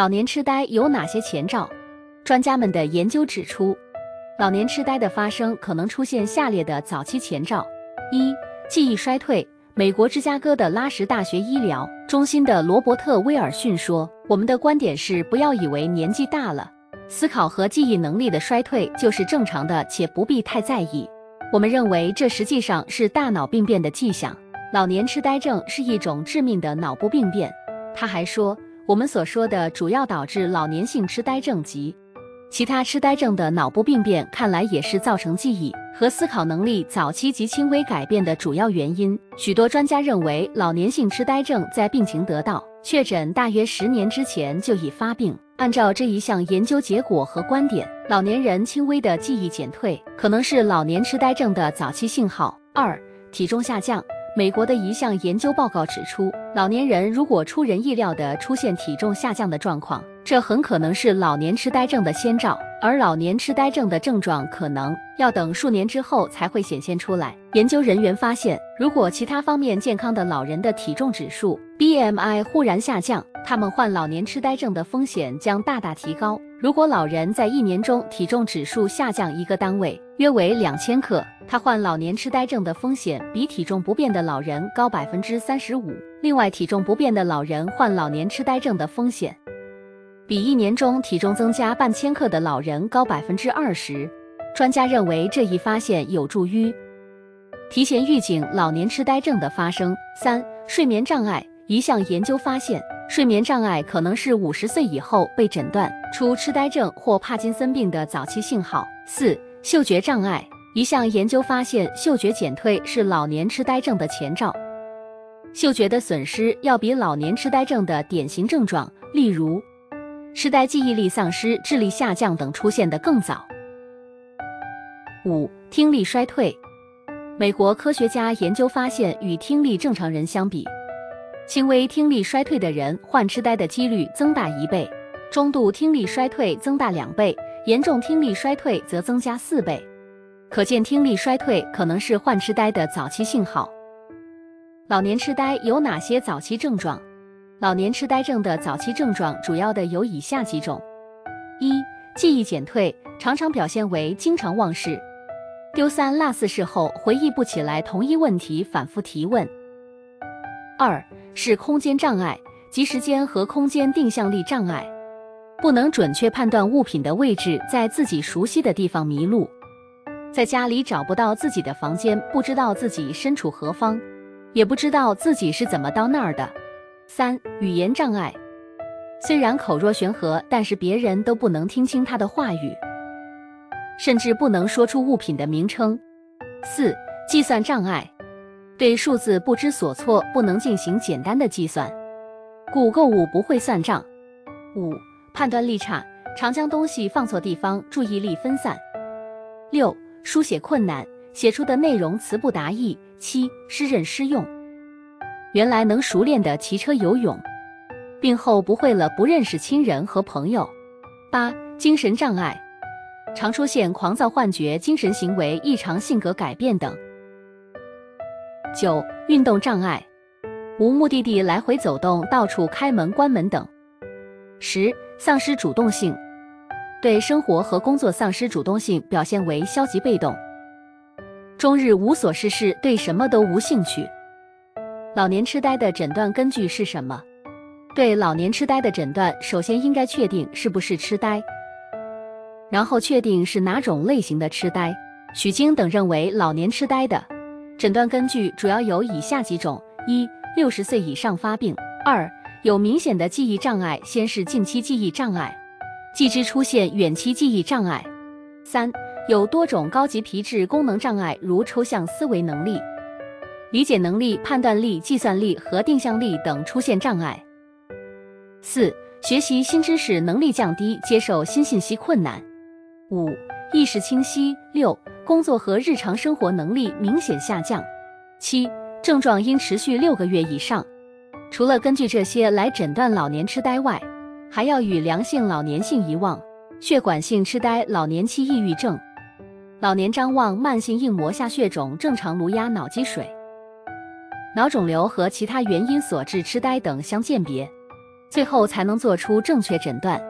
老年癡呆有哪些前兆？專家們的研究指出，老年癡呆的發生可能出現下列的早期前兆：一、記憶衰退。美國芝加哥的拉什大學醫療中心的羅伯特·威爾遜說：“我們的觀點是，不要以為年紀大了，思考和記憶能力的衰退就是正常的，且不必太在意。我們認為這實際上是大腦病變的跡象。老年癡呆症是一種致命的腦部病變。”他還說。我們所說的，主要導致老年性痴呆症及其他痴呆症的腦部病變，看來也是造成記憶和思考能力早期及輕微改變的主要原因。許多專家認為，老年性痴呆症在病情得到確診大約十年之前就已發病。按照這一項研究結果和觀點，老年人輕微的記憶減退可能是老年痴呆症的早期信號。二，體重下降。美國的一項研究報告指出，老年人如果出人意料地出現體重下降的狀況，這很可能是老年痴呆症的先兆，而老年痴呆症的症狀可能要等數年之後才會顯現出來。研究人員發現，如果其他方面健康的老人的體重指數 （BMI） 忽然下降，他們患老年痴呆症的風險將大大提高。如果老人在一年中體重指數下降一個單位，約為兩千克。他患老年癡呆症的風險比體重不變的老人高百分之三十五。另外，體重不變的老人患老年癡呆症的風險比一年中體重增加半千克的老人高百分之二十。專家認為這一發現有助於提前預警老年癡呆症的發生。三、睡眠障礙，一項研究發現，睡眠障礙可能是五十歲以後被診斷出癡呆症或帕金森病的早期信號。四、嗅覺障礙。一項研究發現，嗅覺減退是老年痴呆症的前兆。嗅覺的損失要比老年痴呆症的典型症狀，例如，痴呆、記憶力喪失、智力下降等出現得更早。五、聽力衰退。美國科學家研究發現，與聽力正常人相比，輕微聽力衰退的人患痴呆的幾率增大一倍，中度聽力衰退增大兩倍，嚴重聽力衰退則增加四倍。可見聽力衰退可能是患痴呆的早期信號。老年痴呆有哪些早期症狀？老年痴呆症的早期症狀主要的有以下幾種：一、記憶減退，常常表現為經常忘事、丟三落四，事後回憶不起來同一問題，反覆提問；二是空間障礙，即時間和空間定向力障礙，不能準確判斷物品的位置，在自己熟悉的地方迷路。在家裡找不到自己的房間，不知道自己身處何方，也不知道自己是怎麼到那兒的。三、語言障礙，雖然口若懸河，但是別人都不能聽清他的話語，甚至不能說出物品的名稱。四、計算障礙，對數字不知所措，不能進行簡單的計算，故購物不會算賬。五、判斷力差，常將東西放錯地方，注意力分散。六、書寫困難，寫出的內容詞不達意。七、失認失用，原來能熟練地騎車游泳，病後不會了，不認識親人和朋友。八、精神障礙，常出現狂躁、幻覺、精神行為異常、性格改變等。九、運動障礙，無目的地來回走動，到處開門關門等。十、喪失主動性。對生活和工作喪失主動性，表現為消極被動，終日無所事事，對什麼都無興趣。老年痴呆的診斷根據是什麼？對老年痴呆的診斷，首先應該確定是不是痴呆，然後確定是哪種類型的痴呆。許晶等認為，老年痴呆的診斷根據主要有以下幾種：一、六十歲以上發病；二、有明顯的記憶障礙，先是近期記憶障礙。繼之出現遠期記憶障礙；三、有多種高級皮質功能障礙，如抽象思維能力、理解能力、判斷力、計算力和定向力等出現障礙；四、學習新知識能力降低，接受新信息困難；五、意識清晰；六、工作和日常生活能力明顯下降；七、症狀應持續六個月以上。除了根據這些來診斷老年痴呆外，還要與良性老年性遺忘、血管性痴呆、老年期抑鬱症、老年譫妄、慢性硬膜下血腫、正常顱壓腦積水、腦腫瘤和其他原因所致痴呆等相鑑別，最後才能做出正確診斷。